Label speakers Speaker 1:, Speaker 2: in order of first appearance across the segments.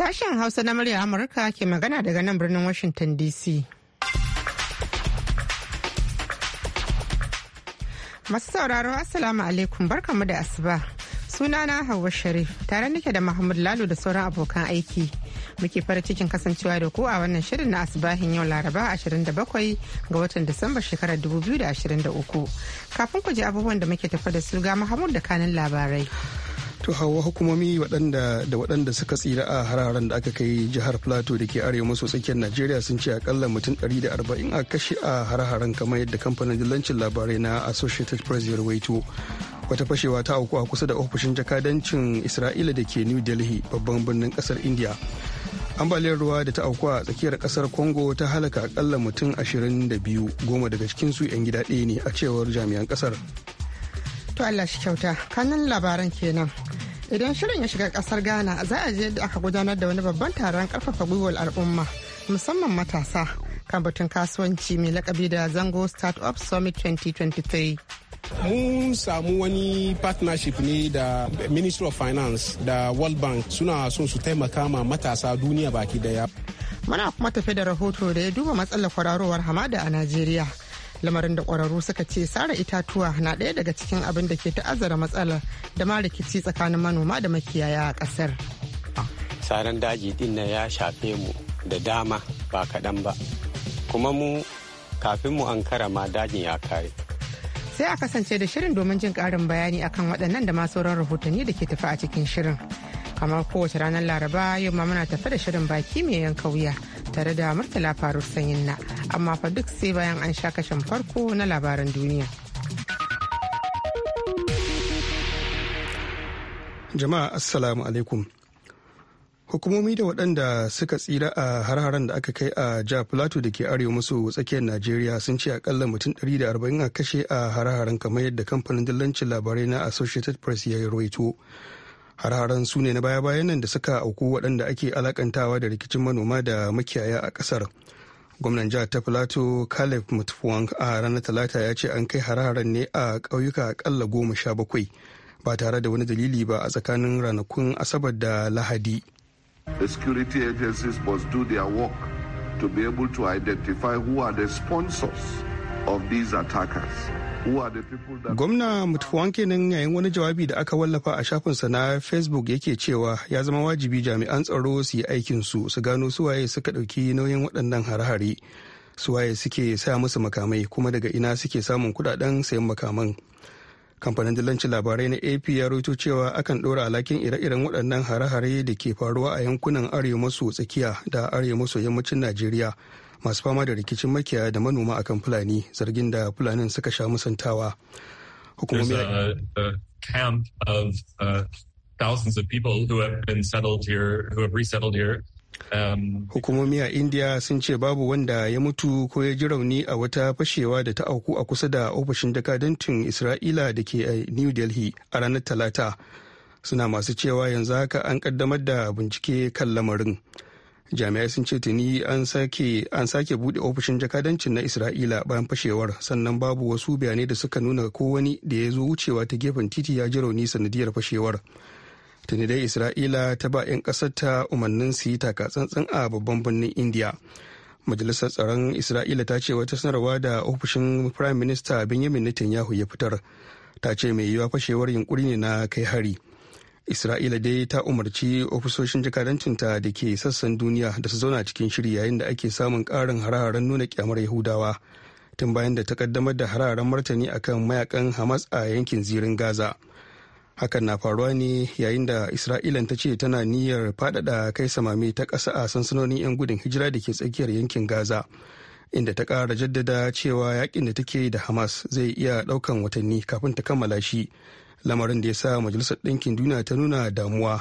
Speaker 1: Sashen Hausa na murya Amurka ke magana daga nan birnin Washington DC. Masu sauraro Assalamu alaikum barkamu da asuba. Sunana Hauwa Sharif tare nake da Mahmud Lalo da sauran abokan aiki. Muke fara cikin kasancewa da ku a wannan shirin na asibahin yau Laraba 27 ga watan Disamba shekarar 2023. Kafin ku ji abubuwan da muke tafa da su ga Mahmud da kanin labarai.
Speaker 2: to hawa hukumomi waɗanda da waɗanda suka tsira a hararen da aka kai jihar plateau da ke arewa maso tsakiyar najeriya sun ce akalla mutum 140 a kashe a hararen kamar yadda kamfanin dillancin labarai na associated press ya rawaito wata fashewa ta auku a kusa da ofishin jakadancin isra'ila da ke new delhi babban birnin kasar india ambaliyar ruwa da ta auku a tsakiyar kasar congo ta halaka akalla mutum 22 goma daga cikinsu 'yan gida ɗaya ne a cewar jami'an kasar
Speaker 1: To Allah shi kyauta, kanin labaran kenan. Idan shirin ya shiga kasar Ghana za a je da aka gudanar da wani babban taron karfafa gwiwar al'umma musamman matasa kan batun kasuwanci mai lakabi da Zango Startup Summit 2023.
Speaker 3: mun samu wani partnership ne da ministry of finance da world bank suna son su taimaka ma matasa duniya baki daya
Speaker 1: muna kuma tafi da rahoto da ya duba matsalar kwararowar hamada a najeriya lamarin da kwararru suka ce sare itatuwa na ɗaya daga cikin abin da ke ta'azzara matsalar da ma rikici tsakanin manoma da makiyaya a kasar.
Speaker 4: saran daji din ya shafe mu da dama ba kaɗan ba kuma mu kafin mu an ma dajin ya kare
Speaker 1: sai a kasance da shirin domin jin ƙarin bayani akan waɗannan da ma sauran rahotanni da ke tafi a cikin shirin kamar kowace ranar laraba yau ma muna tafi da shirin baki mai yanka wuya tare da Murtala faruwar Sanyin na amma fa duk sai bayan an sha kashin farko na labaran duniya.
Speaker 2: Jama'a Assalamu alaikum. Hukumomi da waɗanda suka tsira a har-haren da aka kai a jihar Plateau da ke arewa maso tsakiyar Najeriya sun ce akalla mutum 140 a kashe a har-haren kamar yadda kamfanin dillancin labarai na Associated Press ya yi rawaito. har su ne na baya-bayan nan da suka auku waɗanda ake alakantawa da rikicin manoma da makiyaya a ƙasar gwamnan jihar ta filato caleb mutfuwang a ranar talata ya ce an kai har ne a ƙauyuka akalla goma sha bakwai ba tare da wani dalili ba a tsakanin ranakun asabar da lahadi
Speaker 3: security agencies must do work to be able to identify who are the sponsors of these attackers.
Speaker 2: Gwamna Mutuwan kenan yayin wani jawabi da aka wallafa a shafinsa na Facebook yake cewa ya zama wajibi jami'an tsaro su yi aikinsu su gano suwaye suka ɗauki nauyin waɗannan hare-hare suwaye suke sa musu makamai kuma daga ina suke samun kudaden sayan makaman. Kamfanin dillancin labarai na AP ya roto cewa akan ɗora alakin ire-iren waɗannan hare-hare da ke faruwa a yankunan arewa maso tsakiya da arewa maso yammacin Najeriya. masu fama da rikicin makiya da manoma akan fulani zargin da fulanin suka sha musantawa
Speaker 5: hukumomi camp of uh, um,
Speaker 2: a India sun ce babu wanda ya mutu ko ya ji rauni a wata fashewa da ta auku a kusa da ofishin dakadantin Isra'ila da ke a New Delhi a ranar Talata. Suna masu cewa yanzu haka an kaddamar da bincike kan lamarin. jami'ai sun ce tuni an sake an sake bude ofishin jakadancin na isra'ila bayan fashewar sannan babu wasu bayanai da suka nuna ko wani da ya zo wucewa ta gefen titi ya ji rauni sanadiyar fashewar tuni dai isra'ila ta ba 'yan kasar ta umarnin su yi tsantsan a babban birnin india majalisar tsaron isra'ila ta ce wata sanarwa da ofishin prime minister benjamin netanyahu ya fitar ta ce mai yiwuwa fashewar yunkuri ne na kai hari isra'ila dai ta umarci ofisoshin jakadancinta da ke sassan duniya da su zauna cikin shiri yayin da ake samun karin hararen nuna kyamar yahudawa tun bayan da ta kaddamar da hararen martani akan mayakan hamas a yankin zirin gaza hakan na faruwa ne yayin da isra'ilan ta ce tana niyyar fadada kai samami ta kasa a sansanonin 'yan gudun hijira da ke tsakiyar yankin gaza inda ta kara jaddada cewa yakin da take da hamas zai iya ɗaukan watanni kafin ta kammala shi lamarin da ya sa majalisar ɗinkin duniya ta nuna damuwa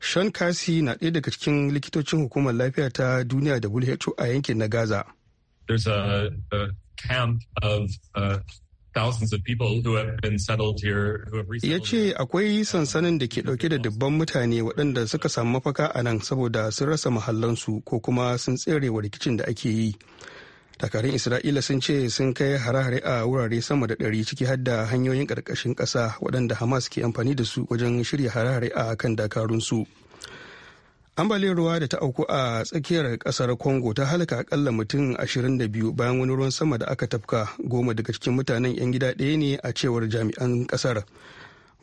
Speaker 2: shan kasi na ɗaya daga cikin likitocin hukumar lafiya ta duniya da who a yankin na gaza there's Ya ce akwai sansanin da ke dauke da dubban mutane waɗanda suka samu mafaka a nan saboda sun rasa mahallansu ko kuma sun tserewa rikicin da ake yi. dakarun isra'ila sun ce sun kai hare-hare a wurare sama da ɗari ciki har da hanyoyin ƙarƙashin ƙasa waɗanda hamas ke amfani da su wajen shirya hare-hare a kan dakarunsu ambaliyar ruwa da ta auku a tsakiyar ƙasar congo ta halaka akalla mutum 22 bayan wani ruwan sama da aka tafka goma daga cikin mutanen 'yan gida ɗaya ne a cewar jami'an ƙasar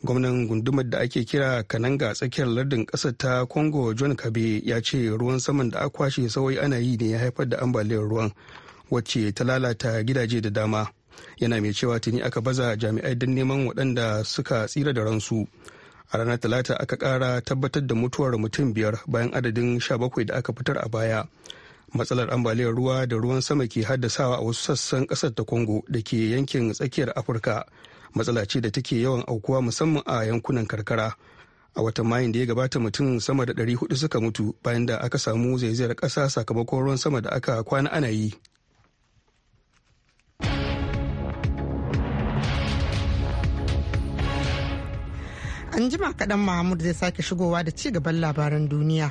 Speaker 2: gwamnan gundumar da ake kira kananga a tsakiyar lardin ƙasar ta congo john kabe ya ce ruwan saman da aka kwashe sawai ana yi ne ya haifar da ambaliyar ruwan wacce ta lalata gidaje da dama yana mai cewa tuni aka baza jami'ai don neman waɗanda suka tsira da ransu a ranar talata aka ƙara tabbatar da mutuwar mutum biyar bayan adadin sha bakwai da aka fitar a baya matsalar ambaliyar ruwa da ruwan sama ke haddasawa a wasu sassan ƙasar ta congo da ke yankin tsakiyar afirka matsala ce da take yawan aukuwa musamman a yankunan karkara a watan mayun da ya gabata mutum sama da ɗari 400 suka mutu bayan da aka samu zaizayar ƙasa sakamakon ruwan sama da aka kwana ana yi
Speaker 1: An jima kaɗan Mahmud zai sake shigowa da ci gaban labaran duniya.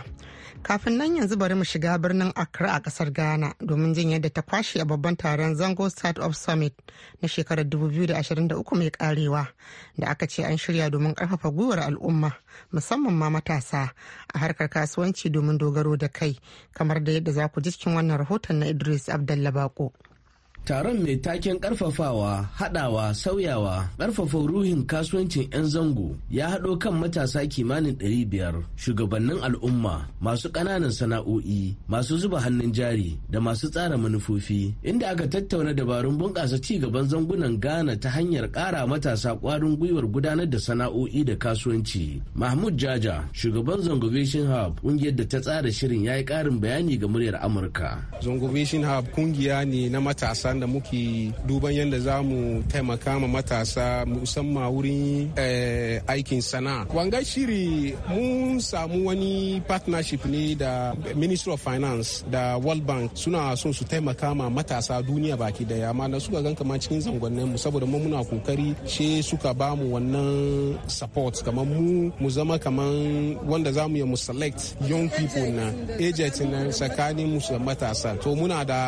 Speaker 1: Kafin nan yanzu bari mu shiga birnin Accra a ƙasar Ghana domin jin yadda ta kwashe a babban taron Zango of Summit na shekarar 2023 mai karewa da aka ce an shirya domin ƙarfafa gwiwar al'umma musamman ma matasa a harkar kasuwanci domin dogaro da kai kamar da yadda za ku ji cikin wannan rahoton na Idris Abdalla Bako.
Speaker 6: Taron mai taken karfafawa, hadawa, sauyawa, karfafa ruhin kasuwancin 'yan zango ya haɗo kan matasa kimanin 500 shugabannin al'umma, masu ƙananan sana'o'i, masu zuba hannun jari da masu tsara manufofi, inda aka tattauna dabarun bunƙasa ci gaban zangunan Ghana ta hanyar ƙara matasa ƙwarin gwiwar gudanar da sana'o'i da kasuwanci. Mahmud Jaja, shugaban Zango Vision Hub, ƙungiyar da ta tsara shirin ya yi ƙarin bayani ga muryar Amurka.
Speaker 3: Zango Vision Hub ƙungiya ne na matasa wuraren da muke duban yadda za mu taimaka ma matasa musamman wurin eh, aikin sana'a wanga shiri mun samu wani partnership ne da ministry of finance da world bank suna son su taimaka ma matasa duniya baki daya amma na suka gan kamar cikin zangonnin mu saboda mu muna kokari she suka ba mu wannan support kamar mu mu zama kamar wanda za mu yi mu select young people na agent na tsakanin mu matasa to muna da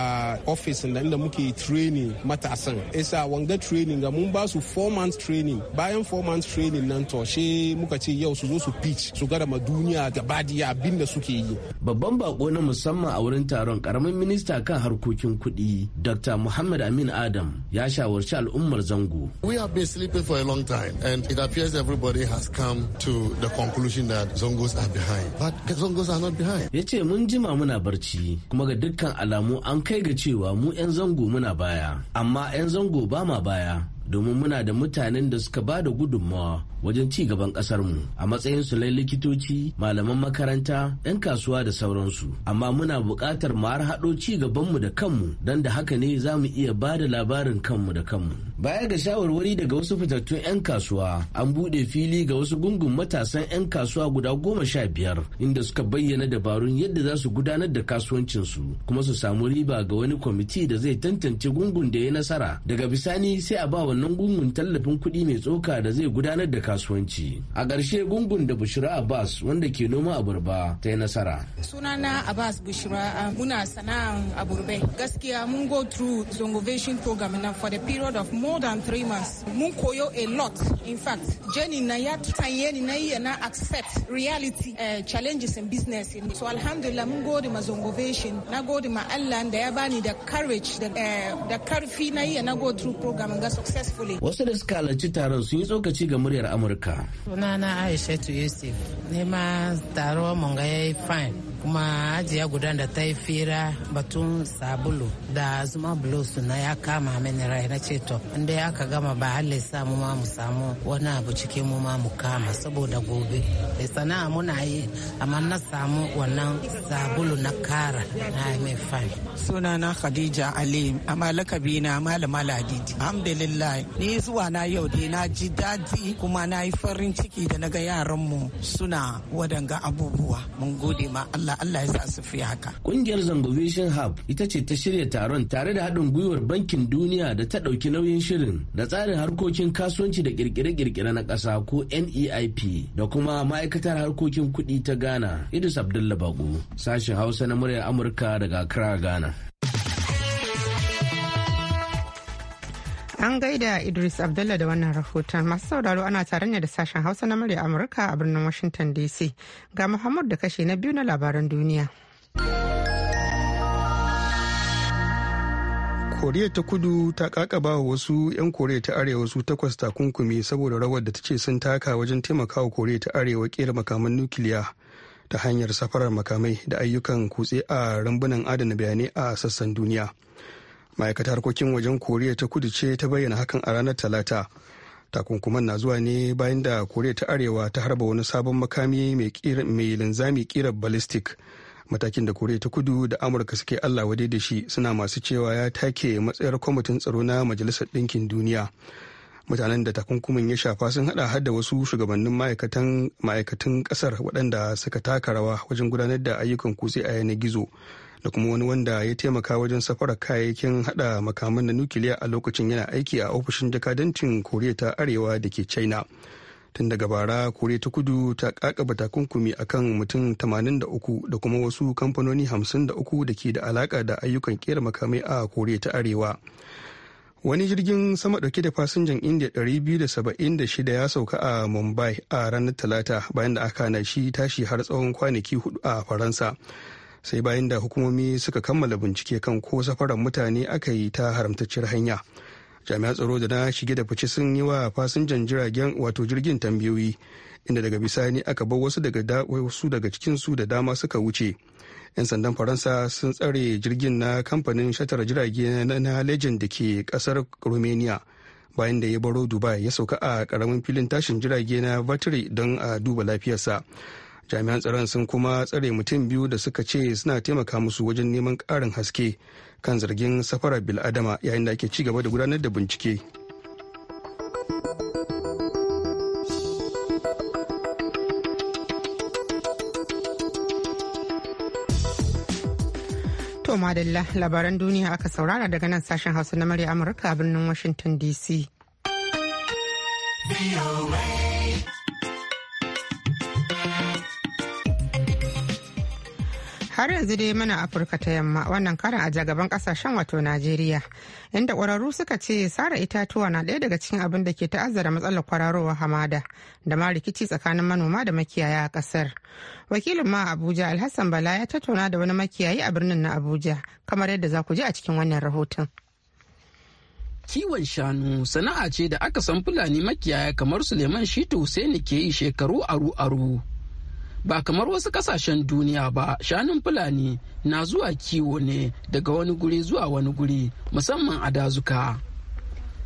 Speaker 3: office da inda muke training matasan isa wanga training ga mun ba su four months training bayan four months training nan to she muka ce yau su zo su pitch su gara ma duniya gaba diya abin da suke yi babban bako na musamman a wurin taron karamin minista kan harkokin
Speaker 6: kuɗi dr muhammad amin adam ya shawarci al'ummar zango we have been sleeping for a long time and it appears everybody has come to the conclusion that zongos are behind but zongos are not behind ya ce mun jima muna barci kuma ga dukkan alamu an kai ga cewa mu 'yan zango muna baya amma 'yan zango ba ma baya domin muna da mutanen da suka ba da gudunmawa wajen ci gaban mu a matsayin su likitoci malaman makaranta 'yan kasuwa da sauransu amma muna buƙatar mu har haɗo ci gabanmu da kanmu don da haka ne za mu iya ba da labarin kanmu da kanmu baya ga shawarwari daga wasu fitattun 'yan kasuwa an buɗe fili ga wasu gungun matasan 'yan kasuwa guda goma sha biyar inda suka bayyana dabarun yadda za su gudanar da kasuwancinsu kuma su samu riba ga wani kwamiti da zai tantance gungun da ya nasara daga bisani sai a ba wani wannan gungun tallafin kuɗi mai tsoka da zai gudanar da kasuwanci a ƙarshe gungun da bushira abbas wanda ke noma aburba ta yi nasara
Speaker 7: sunana abbas bushira muna sana'an aburba gaskiya
Speaker 1: mun go through zongovation program na for the period of more than three months mun koyo a lot in fact jenny na ya tanye ni na iya na accept reality uh, challenges in business so alhamdulillah mun gode ma zongovation na gode ma allah da ya bani da
Speaker 7: courage da eh, karfi na iya na go through program ga success
Speaker 6: Wasu da suka halarci taron sun yi tsokaci ga muryar Amurka.
Speaker 7: Sunana Aisha Yusuf, ne ma taron mun ga yayi fine. kuma ajiya guda da ta yi fira batun sabulu da zuma blues na ya kama mini rai na ce to inda ya ka gama ba halle samu ma mu samu wani abu cikin mu ma mu kama saboda gobe da eh, sana'a muna yi amma na samu wannan sabulu na kara na mai fani suna na khadija ali a lakabi na malama ladidi alhamdulillah ni zuwa na yau dai na
Speaker 1: ji daɗi kuma na yi farin ciki da na ga yaran mu suna wadanga abubuwa mun gode ma Allah Allah Allah ya sa su fi haka.
Speaker 6: Kungiyar Zango Vision Hub ita ce ta shirya taron tare da haɗin gwiwar Bankin Duniya da ta ɗauki nauyin shirin da tsarin harkokin kasuwanci da ƙirƙire kirkire na ƙasa ko NEIP da kuma ma'aikatar harkokin kuɗi ta Ghana Idris Abdullah Bago sashen Hausa na muryar Amurka daga Accra Ghana.
Speaker 1: An gaida Idris Abdullah da wannan rahoton masu sauraro ana tare ne da sashen Hausa na murya Amurka a birnin Washington DC. Ga Muhammad da kashe na biyu na labaran duniya.
Speaker 2: Koriya ta kudu ta kakaba wasu 'yan Koriya ta Arewa su takwas takunkumi saboda rawar da ta ce sun taka wajen taimakawa Koriya ta Arewa kera makaman nukiliya ta hanyar safarar makamai da ayyukan kutse a rambunan adana bayanai a sassan duniya. ma'aikatar harkokin wajen koriya ta kudu ce ta bayyana hakan a ranar talata takunkuman na zuwa ne bayan da koriya ta arewa ta harba wani sabon makami mai linzami kirar ballistic matakin da koriya ta kudu da amurka suke allah wade da shi suna masu cewa ya take matsayar kwamitin tsaro na majalisar ɗinkin duniya mutanen da takunkumin ya shafa sun hada har da wasu shugabannin ma'aikatan ma'aikatan kasar waɗanda suka taka rawa wajen gudanar da ayyukan kutse a yanar gizo da kuma wani wanda ya taimaka wajen safara kayayyakin hada makaman na nukiliya a lokacin yana aiki a ofishin jakadancin koriya ta arewa da ke china tun daga bara koriya ta kudu ta kakaba takunkumi a kan mutum 83 da kuma wasu kamfanoni 53 da ke da alaka da ayyukan kera makamai a koriya ta arewa wani jirgin sama dauke da fasinjan india 276 ya sauka a mumbai a ranar talata bayan da aka na shi tashi har tsawon kwanaki hudu a faransa sai bayan da hukumomi suka kammala bincike kan ko safarar mutane aka yi ta haramtacciyar hanya jami'an tsaro da na shige da fice sun yi wa fasinjan jiragen wato jirgin tambayoyi inda daga bisani aka bar wasu daga wasu daga cikinsu da dama suka wuce 'yan sandan faransa sun tsare jirgin na kamfanin shatar jirage na legend da ke kasar romania bayan da ya baro dubai ya sauka a karamin filin tashin jirage na vatiri don a duba lafiyarsa jami'an tsaron sun kuma tsare mutum biyu da suka ce suna taimaka musu wajen neman karin haske kan zargin safarar bil'adama yayin da ake ci gaba da gudanar da bincike
Speaker 1: To madalla labaran duniya aka saurara daga nan sashen hausa na murya Amurka a birnin Washington DC. har yanzu dai muna afirka ta yamma wannan karin a jagaban kasashen wato najeriya inda kwararru suka ce sara itatuwa na ɗaya daga cikin abin da ke ta'azzara matsalar kwararowar hamada da ma rikici tsakanin manoma da makiyaya a ƙasar wakilin ma abuja alhassan bala ya tattauna da wani makiyayi a birnin na abuja kamar yadda za ku ji a cikin wannan rahoton
Speaker 7: kiwon shanu sana'a ce da aka san fulani makiyaya kamar suleiman shitu sai ni ke yi shekaru aru-aru ba kamar wasu kasashen duniya ba shanun fulani na zuwa kiwo ne daga wani guri zuwa wani guri musamman a dazuka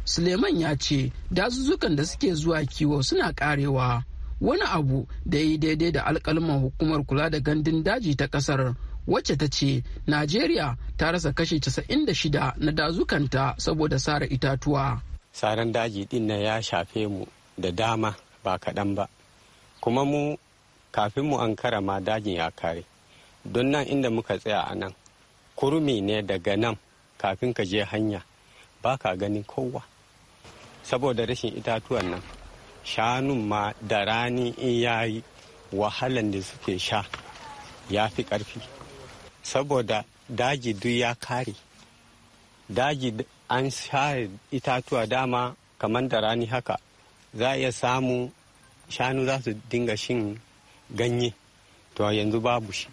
Speaker 7: suleiman ya ce dazuzzukan da suke zuwa kiwo suna karewa wani abu da ya yi daidai da alkalman hukumar kula da gandun daji ta kasar wacce ta ce najeriya ta rasa kashe 96 na dazukanta saboda sare itatuwa
Speaker 4: saran daji din ya shafe mu da dama ba kaɗan ba kuma mu kafin mu an ma dajin ya kare don nan inda muka tsaya a nan kurmi ne daga nan kafin ka je hanya ba ka ganin kowa saboda rashin itatuwan nan shanun ma da rani in ya yi wahalan da suke sha ya fi ƙarfi saboda daji duk ya kare daji an sha itatuwa dama kamar da rani haka za a iya samu shanu za su dinga shin ganye to yanzu babu shi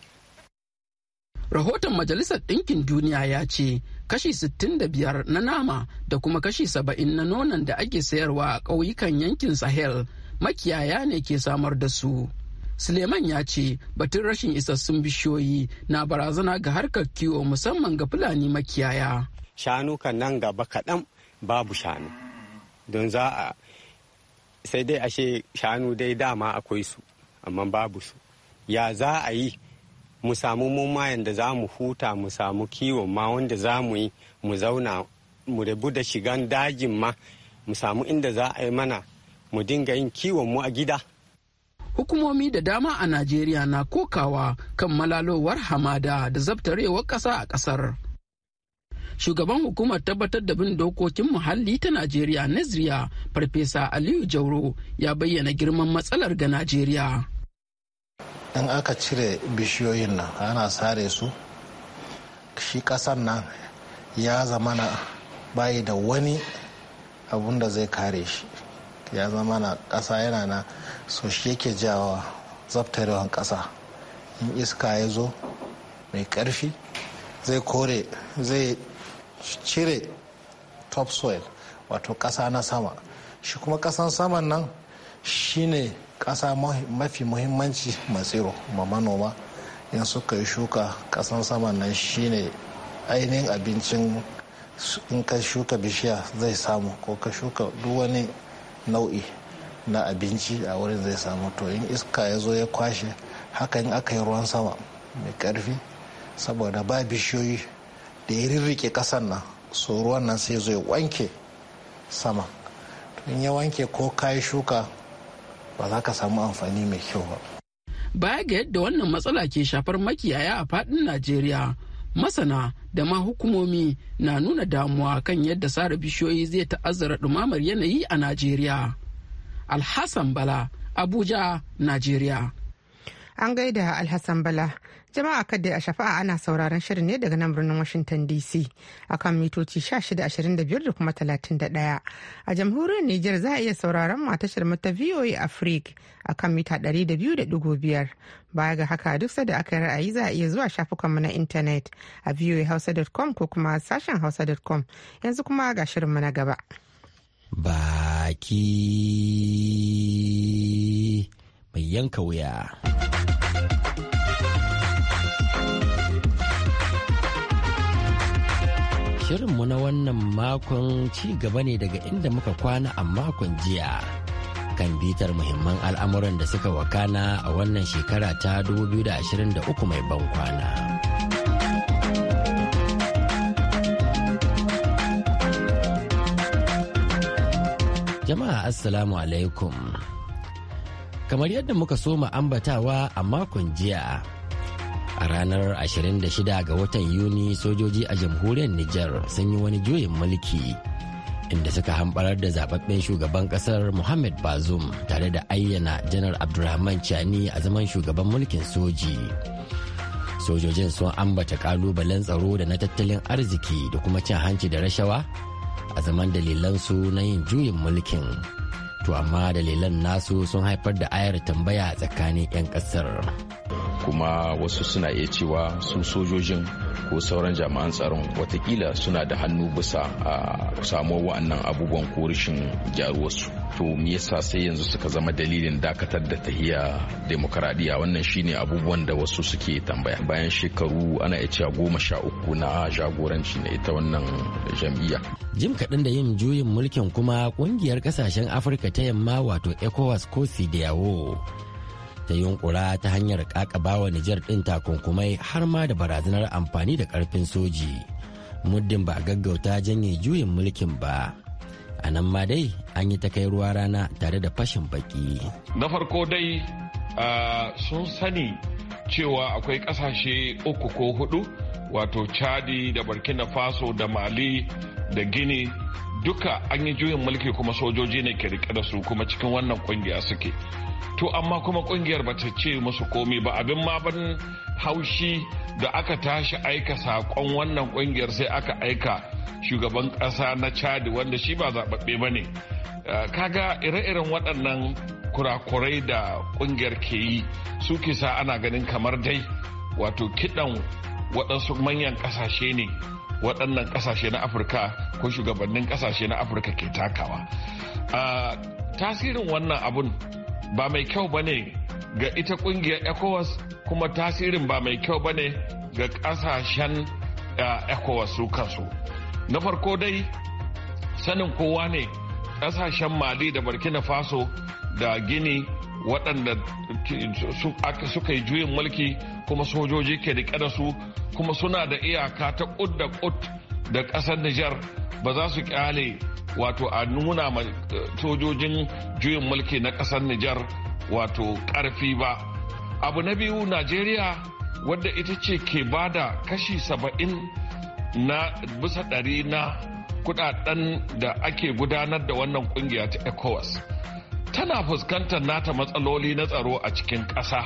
Speaker 7: rahoton majalisar ɗinkin duniya ya ce kashi sittin da biyar na nama da kuma kashi saba'in na nonon da ake sayarwa a ƙauyukan yankin sahel makiyaya ne ke samar da su suleiman ya ce batun rashin isassun bishiyoyi na barazana ga harkar kiwo musamman ga fulani makiyaya
Speaker 4: shanu kan nan gaba kaɗan babu shanu don za a sai dai ashe shanu dai dama akwai su amma babu su ya za a yi mu samu mu da za mu huta mu samu kiwon ma wanda za mu yi mu zauna mu rabu da shigan dajin ma mu samu inda za a yi mana mu dinga yin kiwon mu a gida
Speaker 7: hukumomi da dama a najeriya na kokawa kan malalowar hamada da zabtarewar ƙasa a ƙasar shugaban hukumar tabbatar da bin dokokin muhalli ta najeriya nazriya farfesa aliyu jauro ya bayyana girman matsalar ga najeriya
Speaker 8: in aka cire bishiyoyin nan ana sare su shi kasan nan ya zama na bayi da wani abun da zai kare shi ya zama na kasa yana na so shi yake jawa yawan kasa. in iska ya zo mai ƙarfi zai kore zai cire topsoil wato ƙasa na sama shi kuma ƙasan saman nan shine ƙasa mafi muhimmanci matsiro ma manoma in suka yi shuka ƙasan saman nan shine ainihin abincin in ka shuka bishiya zai samu ko ka shuka duk wani nau'i na abinci a wurin zai samu to in iska ya zo ya kwashe haka in aka yi ruwan sama mai karfi saboda ba bishiyoyi da ya rirrike kasan nan so ruwan nan sai zo wanke sama in ya wanke ko kayi shuka ba za ka samu amfani mai kyau ba
Speaker 7: baya ga yadda wannan matsala ke shafar makiyaya a fadin najeriya masana da ma hukumomi na nuna damuwa kan yadda sare bishiyoyi zai ta'azzara ɗumamar yanayi a najeriya alhassan bala abuja najeriya
Speaker 1: an gaida alhassan bala Jama'a kadai a shafa'a ana sauraron shirin ne daga nan birnin Washington DC a kan mitoci 1625 da kuma 31. A jamhuriyar Nijar za a iya sauraron matashar mata VOA a kan mita 200.5. Baya ga haka duk sada aka yi ra'ayi za a iya zuwa shafukanmu na intanet a voahausa.com ko kuma sashen hausa.com yanzu kuma ga shirinmu na gaba.
Speaker 9: Baki mai yanka wuya. Shirinmu na wannan makon ci gaba ne daga inda muka kwana a makon jiya. Kan bitar muhimman al'amuran da suka wakana a wannan shekara ta 2023 mai ban kwana. Jama'a Assalamu alaikum. Kamar yadda muka soma ambatawa a makon jiya. a ranar 26 ga watan yuni sojoji a jamhuriyar Nijar sun yi wani juyin mulki inda suka hambarar da zababben shugaban kasar Muhammad Bazoum tare da ayyana janar Abdulrahman Chani a zaman shugaban mulkin soji. Sojojin sun ambata kalubalen tsaro da na tattalin arziki da kuma cin hanci da rashawa a zaman dalilansu na yin juyin mulkin. To amma dalilan nasu sun haifar da ayar tambaya tsakanin 'yan kasar. kuma
Speaker 10: wasu suna iya cewa su sojojin ko sauran jami'an tsaron watakila suna da hannu bisa a samu wa'annan abubuwan ko rashin gyaruwarsu to me yasa sai yanzu suka zama dalilin dakatar da tahiya demokaradiyya wannan shine abubuwan da wasu suke tambaya bayan shekaru ana iya cewa goma sha uku na jagoranci na ita wannan
Speaker 9: jam'iyya jim kaɗan da yin juyin mulkin kuma ƙungiyar ƙasashen afirka ta yamma wato ecowas ko sidiyawo ta yunkura ta hanyar ƙaƙabawa Nijar ɗin takunkumai har ma da barazanar amfani da ƙarfin soji. Muddin ba a gaggauta janye juyin mulkin ba. A nan ma dai an yi ta kai ruwa rana tare da fashin baki.
Speaker 5: Na farko dai ah, sun sani cewa akwai ƙasashe uku ko huɗu. wato chadi da burkina faso da mali da gini duka an yi juyin mulki kuma sojoji ne ke rike da su kuma cikin wannan kungiya suke to amma kuma kungiyar ba ta ce musu komi ba abin ma ban haushi da aka tashi aika sakon wannan kungiyar sai aka aika shugaban kasa na chadi wanda shi ba zababbe ba ne eh, kaga ire-iren waɗannan kurakurai da kungiyar ke yi su kisa ana ganin kamar dai wato kiɗan waɗansu manyan ƙasashe ne waɗannan ƙasashe na afirka ko shugabannin ƙasashe na afirka ke takawa tasirin wannan abun ba mai kyau ba ne ga ita ƙungiyar ecowas kuma tasirin ba mai kyau ba ne ga ƙasashen ecowas su kansu na farko dai sanin kowa ne ƙasashen mali da burkina faso da gini waɗanda suka yi juyin mulki kuma sojoji ke rike da su kuma suna da iyaka ta kud da kud da ƙasar Nijar ba za su kyale wato a nuna ma eh, sojojin juyin mulki na ƙasar Nijar wato ƙarfi ba. Abu na biyu Najeriya wadda ita ce ke bada kashi saba'in na bisa ɗari na kudaden da ake gudanar da wannan kungiya ta ECOWAS. Tana fuskantar nata matsaloli na tsaro a cikin ƙasa.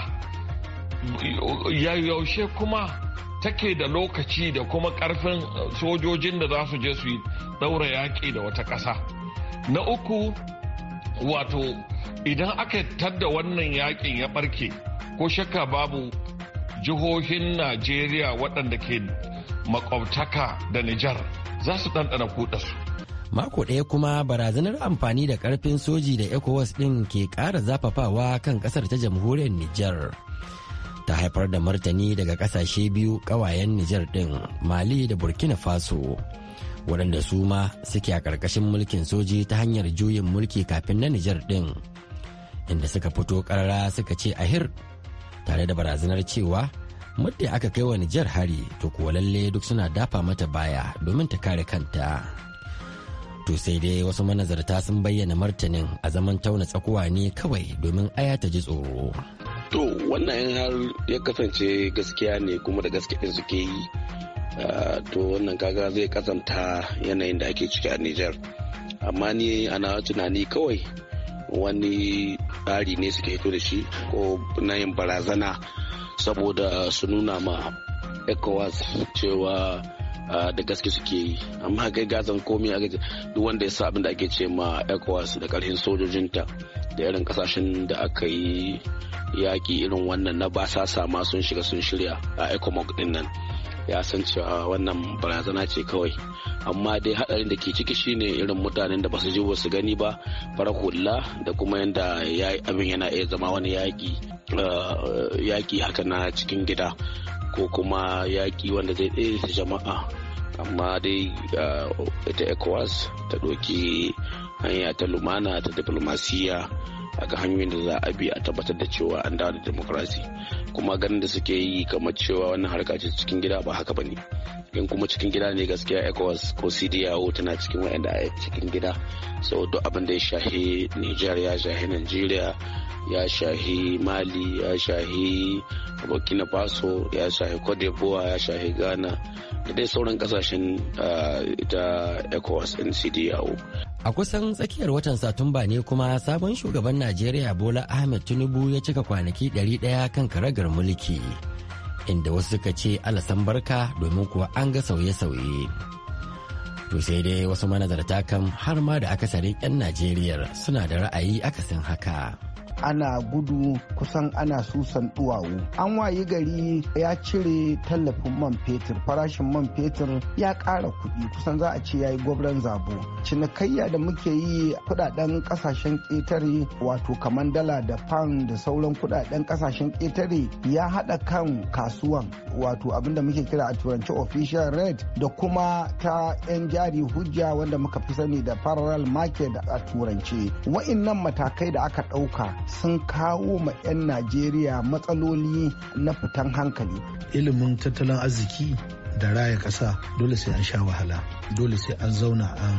Speaker 5: yaushe kuma take da lokaci da kuma karfin uh, sojojin da za su je su yi daura yaƙi da wata ƙasa na uku wato idan aka tadda wannan yaƙin ya ɓarke ko shakka babu jihohin najeriya waɗanda ke makwabtaka da nijar za su ɗanɗana kuɗa su
Speaker 9: mako ɗaya kuma barazanar amfani da ƙarfin soji da ecowas ɗin ke ƙara zafafawa kan ƙasar ta jamhuriyar nijar ta haifar da martani daga kasashe biyu kawayen Nijar ɗin Mali da Burkina Faso waɗanda su ma suke a ƙarƙashin mulkin soji ta hanyar juyin mulki kafin na Nijar ɗin inda suka fito ƙarara suka ce ahir tare da barazanar cewa muddin aka kai wa Nijar hari to kuwa lalle duk suna dafa mata baya domin ta kare kanta. To sai dai wasu manazarta sun bayyana martanin a zaman tauna tsakuwa ne kawai domin aya ta ji tsoro.
Speaker 10: to wannan har ya kasance gaskiya ne kuma da gaske din suke yi to wannan kaga zai kazanta yanayin da ake ciki a Nijar. amma ni ana tunani kawai wani tsari ne suke hito da shi ko na yin barazana saboda su nuna ma ECOWAS cewa da gaske suke yi amma kai gazan komi a duk wanda ya sa abin da ake ce ma ecowas da karhin sojojinta da irin kasashen da aka yi yaki irin wannan na basa sama sun shiga sun shirya a ecomog din nan ya san cewa wannan barazana ce kawai amma dai hadarin da ke ciki shine irin mutanen da basu ji ba su gani ba farakulla da kuma yadda abin yana iya zama wani yaki yaƙi haka na cikin gida ko kuma yaƙi wanda zai ɗaya jama'a amma dai uh, ita ecowas ta ɗauki hanya ta lumana ta diplomasiyya a ga hanyoyin da za a bi a tabbatar da cewa an dawo da demokrasi kuma ganin da suke yi kamar cewa wannan harka ce cikin gida ba haka ba ne in kuma cikin gida ne gaskiya ecowas ko cdao tana cikin wa'anda a cikin gida saboda abin da ya shahi niger ya shahi nigeria ya shahi mali ya shahi burkina faso ya shahi cote ya shahi ghana da dai sauran kasashen ah, ita ecowas ncdao
Speaker 9: A kusan tsakiyar watan Satumba ne kuma sabon shugaban Najeriya Bola Ahmed Tinubu ya cika kwanaki 100 kan karagar mulki. Inda wasu suka ce alasan barka domin kuwa an ga sauye-sauye. To sai dai wasu manazarta kan har ma da akasarin 'yan Najeriya suna da ra'ayi akasin haka.
Speaker 10: ana gudu kusan ana susan duwawu an wayi gari ya cire tallafin man fetur farashin man fetur ya kara kuɗi kusan za a ce ya yi gwabran zabo cinikayya da muke yi kudaden kasashen ƙetare wato kaman dala da pan da sauran kudaden kasashen ƙetare ya haɗa kan kasuwan wato abinda muke kira a turanci official red da kuma ta 'yan jari hujja wanda muka fi sani da parallel market a turance wa'innan matakai da aka ɗauka sun kawo ma 'yan najeriya matsaloli na fitan
Speaker 8: hankali ilimin tattalin arziki da raya kasa dole sai an sha wahala dole sai an zauna an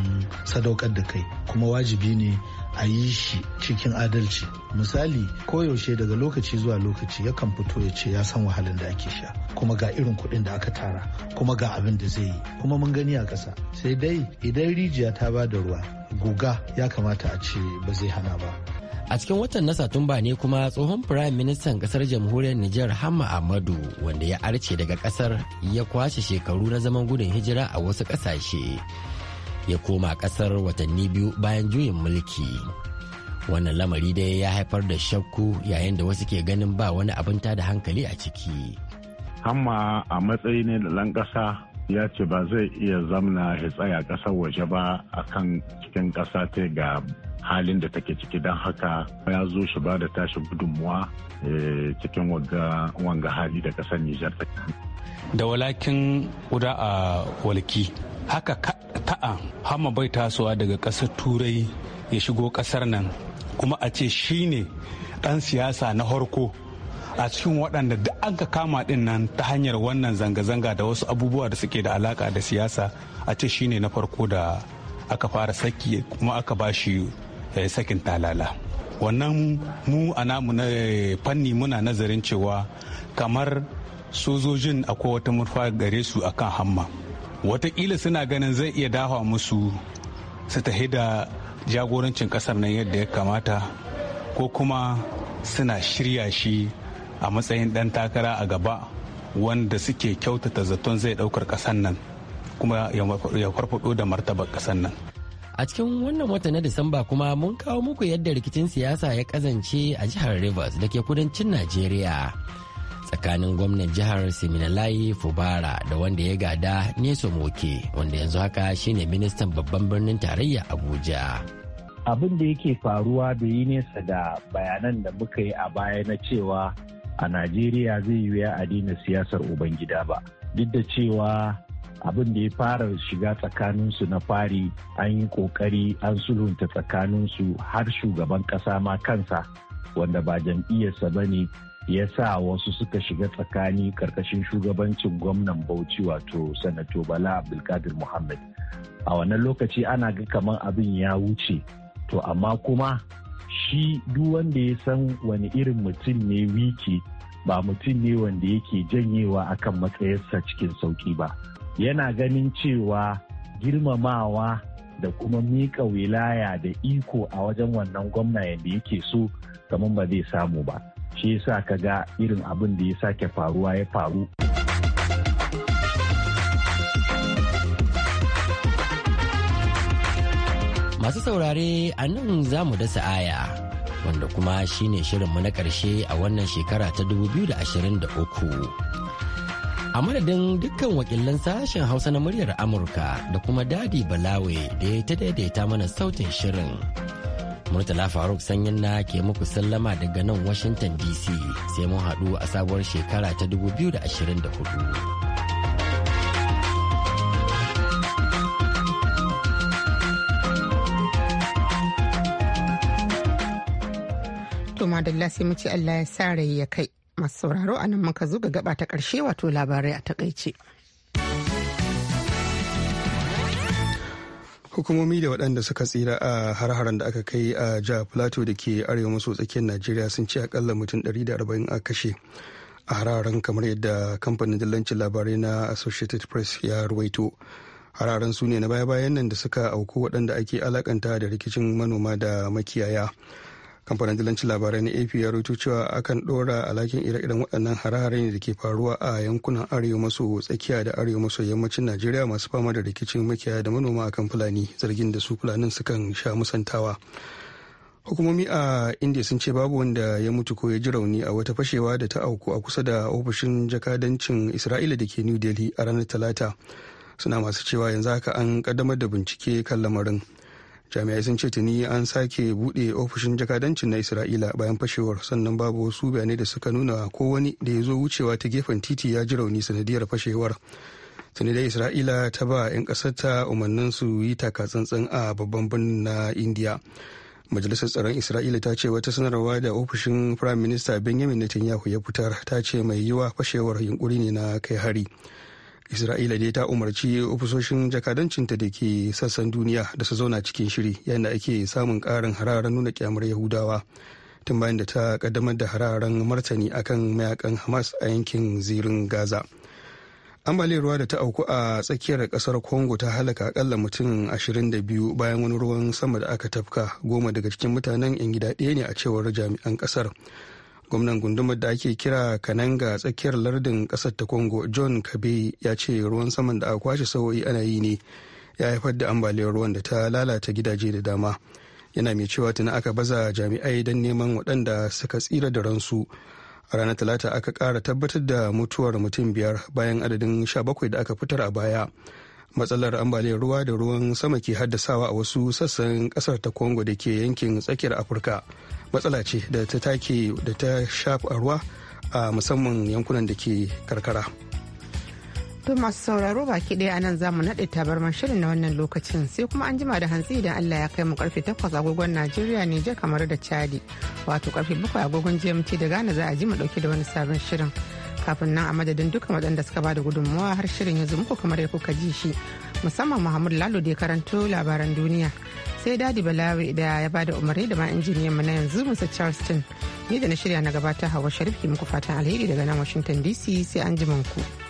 Speaker 8: sadaukar da kai kuma wajibi ne a yi shi cikin adalci misali koyaushe daga lokaci zuwa lokaci yakan fito ya ce ya san wahalar da ake sha kuma ga irin kuɗin da aka tara kuma ga abin da zai yi kuma mun gani a ƙasa sai dai idan rijiya ta ba da ruwa guga ya kamata a ce ba zai hana ba
Speaker 9: A cikin watan na Satumba ne kuma tsohon firayim ministan kasar jamhuriyar Nijar Hamma amadu wanda ya arce daga kasar ya kwashe shekaru na zaman gudun hijira a wasu kasashe. Ya koma kasar watanni biyu bayan juyin mulki. Wannan lamari dai ya haifar da shakku yayin da wasu ke ganin ba wani abin da hankali a ciki.
Speaker 4: Hamma a matsayi ne da lan kasa ya ce ba zai iya zamna ya tsaya ƙasar waje ba akan cikin kasa ta ga halin da take ciki don haka ya zo shi ba da tashi gudunmuwa eh, cikin wanga hali da kasar Nijar ta
Speaker 11: Da walakin kuda a walki haka ta'a hama bai tasowa daga ƙasar turai ya shigo ƙasar nan kuma a ce shi ne ɗan siyasa na harko a cikin waɗanda duk an ka kama ɗin nan ta hanyar wannan zanga-zanga da wasu abubuwa da suke da alaƙa da siyasa a ce shi ne na farko da aka fara saki kuma aka ba shi Eh, sakin talala wannan mu a namu na eh, fanni muna nazarin cewa kamar sojojin akwai wata murfa gare su a kan hamma watakila suna ganin zai iya dawa musu su tahi da jagorancin kasar nan yadda ya kamata ko kuma suna shirya shi a matsayin dan takara a gaba wanda suke kyautata zaton zai ɗaukar kasar nan kuma ya farfado da martabar kasar nan
Speaker 9: A cikin wannan wata na Disamba kuma mun kawo muku yadda rikicin siyasa ya kazance a jihar Rivers da ke kudancin Najeriya. Tsakanin gwamnan jihar Siminalayi Fubara da wanda ya gada Neso Moke wanda yanzu haka shine ministan babban birnin tarayya Abuja.
Speaker 11: Abin da yake faruwa da yi nesa da bayanan da muka yi a baya na cewa a Najeriya zai yi a siyasar Ubangida ba. Duk da cewa abin da ya fara shiga tsakaninsu na fari an yi kokari an sulhunta tsakaninsu har shugaban kasa ma kansa wanda ba jam'iyyarsa ba ne ya sa wasu suka shiga tsakani karkashin shugabancin gwamnan bauchi wato sanato bala abdulkadir muhammad a wannan lokaci ana ga kamar abin ya wuce to amma kuma shi duk wanda ya san wani irin mutum ne wiki ba mutum ne wanda yake janyewa akan matsayarsa cikin sauki ba yana ganin cewa girmamawa da kuma mika wilaya da iko a wajen wannan gwamna yadda yake so kamar ba zai samu ba shi yasa ka ga irin abin da ya sake faruwa ya
Speaker 9: faru masu saurare a nan za mu dasa aya wanda kuma shine shirin mu na ƙarshe a wannan shekara ta 2023 A madadin dukkan wakilan sashen Hausa na muryar Amurka da kuma Dadi Balawe da ya ta daidaita mana sautin shirin. Murtala Faruk sanyin na ke muku sallama daga nan Washington DC sai mun haɗu a sabuwar shekara ta 2024.
Speaker 1: sai mu ce masu sauraro a nan muka zo ga gaba ta karshe wato labarai a takaice.
Speaker 2: hukumomi da waɗanda suka tsira a har-haren da aka kai a jihar plateau da ke arewa maso tsakiyar najeriya sun ci akalla mutum 140 a kashe a hararen kamar yadda kamfanin dillancin labarai na associated press ya ruwaito hararen su ne na baya-bayan nan da suka auku waɗanda ake alakanta da rikicin manoma da makiyaya kamfanin dalancin labarai na ap ya rubuto cewa akan dora alhakin ire-iren waɗannan hare-hare da ke faruwa a yankunan arewa maso tsakiya da arewa maso yammacin najeriya masu fama da rikicin makiya da manoma kan fulani zargin da su fulanin sukan sha musantawa hukumomi a india sun ce babu wanda ya mutu ko ya ji rauni a wata fashewa da ta auku a kusa da ofishin jakadancin isra'ila da ke new delhi a ranar talata suna masu cewa yanzu haka an kaddamar da bincike kan lamarin jami'ai sun ce tuni an sake buɗe ofishin jakadancin na isra'ila bayan fashewar sannan babu wasu bayanai da suka nuna ko wani da ya zo wucewa ta gefen titi ya ji rauni sanadiyar fashewar tuni da isra'ila ta ba 'yan ƙasarta umarnin su yi taka tsantsan a babban birnin na indiya majalisar tsaron isra'ila ta ce wata sanarwa da ofishin firaminista minister benjamin netanyahu ya fitar ta ce mai yiwa fashewar yunkuri ne na kai hari isra'ila dai ta umarci ofisoshin jakadancinta da ke sassan duniya da su zauna cikin shiri yayin ake samun karin hararen nuna kyamar yahudawa tun bayan da ta kaddamar da hararen martani akan mayakan hamas a yankin zirin gaza ambaliyar da ta auku a tsakiyar kasar congo ta halaka akalla mutum 22 bayan wani ruwan sama da aka tafka goma daga cikin mutanen yan gida ɗaya ne a cewar jami'an kasar gwamnan gundumar da ake kira kananga tsakiyar lardin kasar ta congo john kabe ya ce ruwan saman da aka kwashe sawo'i ana yi ne ya haifar da ambaliyar ruwan da ta lalata gidaje da dama yana mai cewa tuni aka baza jami'ai don neman waɗanda suka tsira da ransu a ranar talata aka ƙara tabbatar da mutuwar mutum biyar bayan adadin sha bakwai da aka fitar a baya matsalar ambaliyar ruwa da ruwan sama ke haddasawa a wasu sassan ƙasar ta congo da ke yankin tsakiyar afirka matsala ce da ta take da ta shafa ruwa a musamman yankunan da ke karkara.
Speaker 1: To masu sauraro baki ɗaya a nan zamu naɗe tabarman shirin na wannan lokacin sai kuma an jima da hantsi idan Allah ya kai mu karfe 8 agogon Najeriya ne je kamar da Chadi wato karfe 7 agogon GMT da Ghana za a ji mu dauke da wani sabon shirin. Kafin nan a madadin dukkan waɗanda suka ba da gudunmawa har shirin ya zo muku kamar ya kuka ji shi musamman Muhammad Lalo da ya karanto labaran duniya. sai dadi balawi da ya bada umarni da ma injiniyan mu na yanzu musa charleston ni da na shirya na gabata hawa sharif muku fatan alheri daga nan washington dc sai an ku.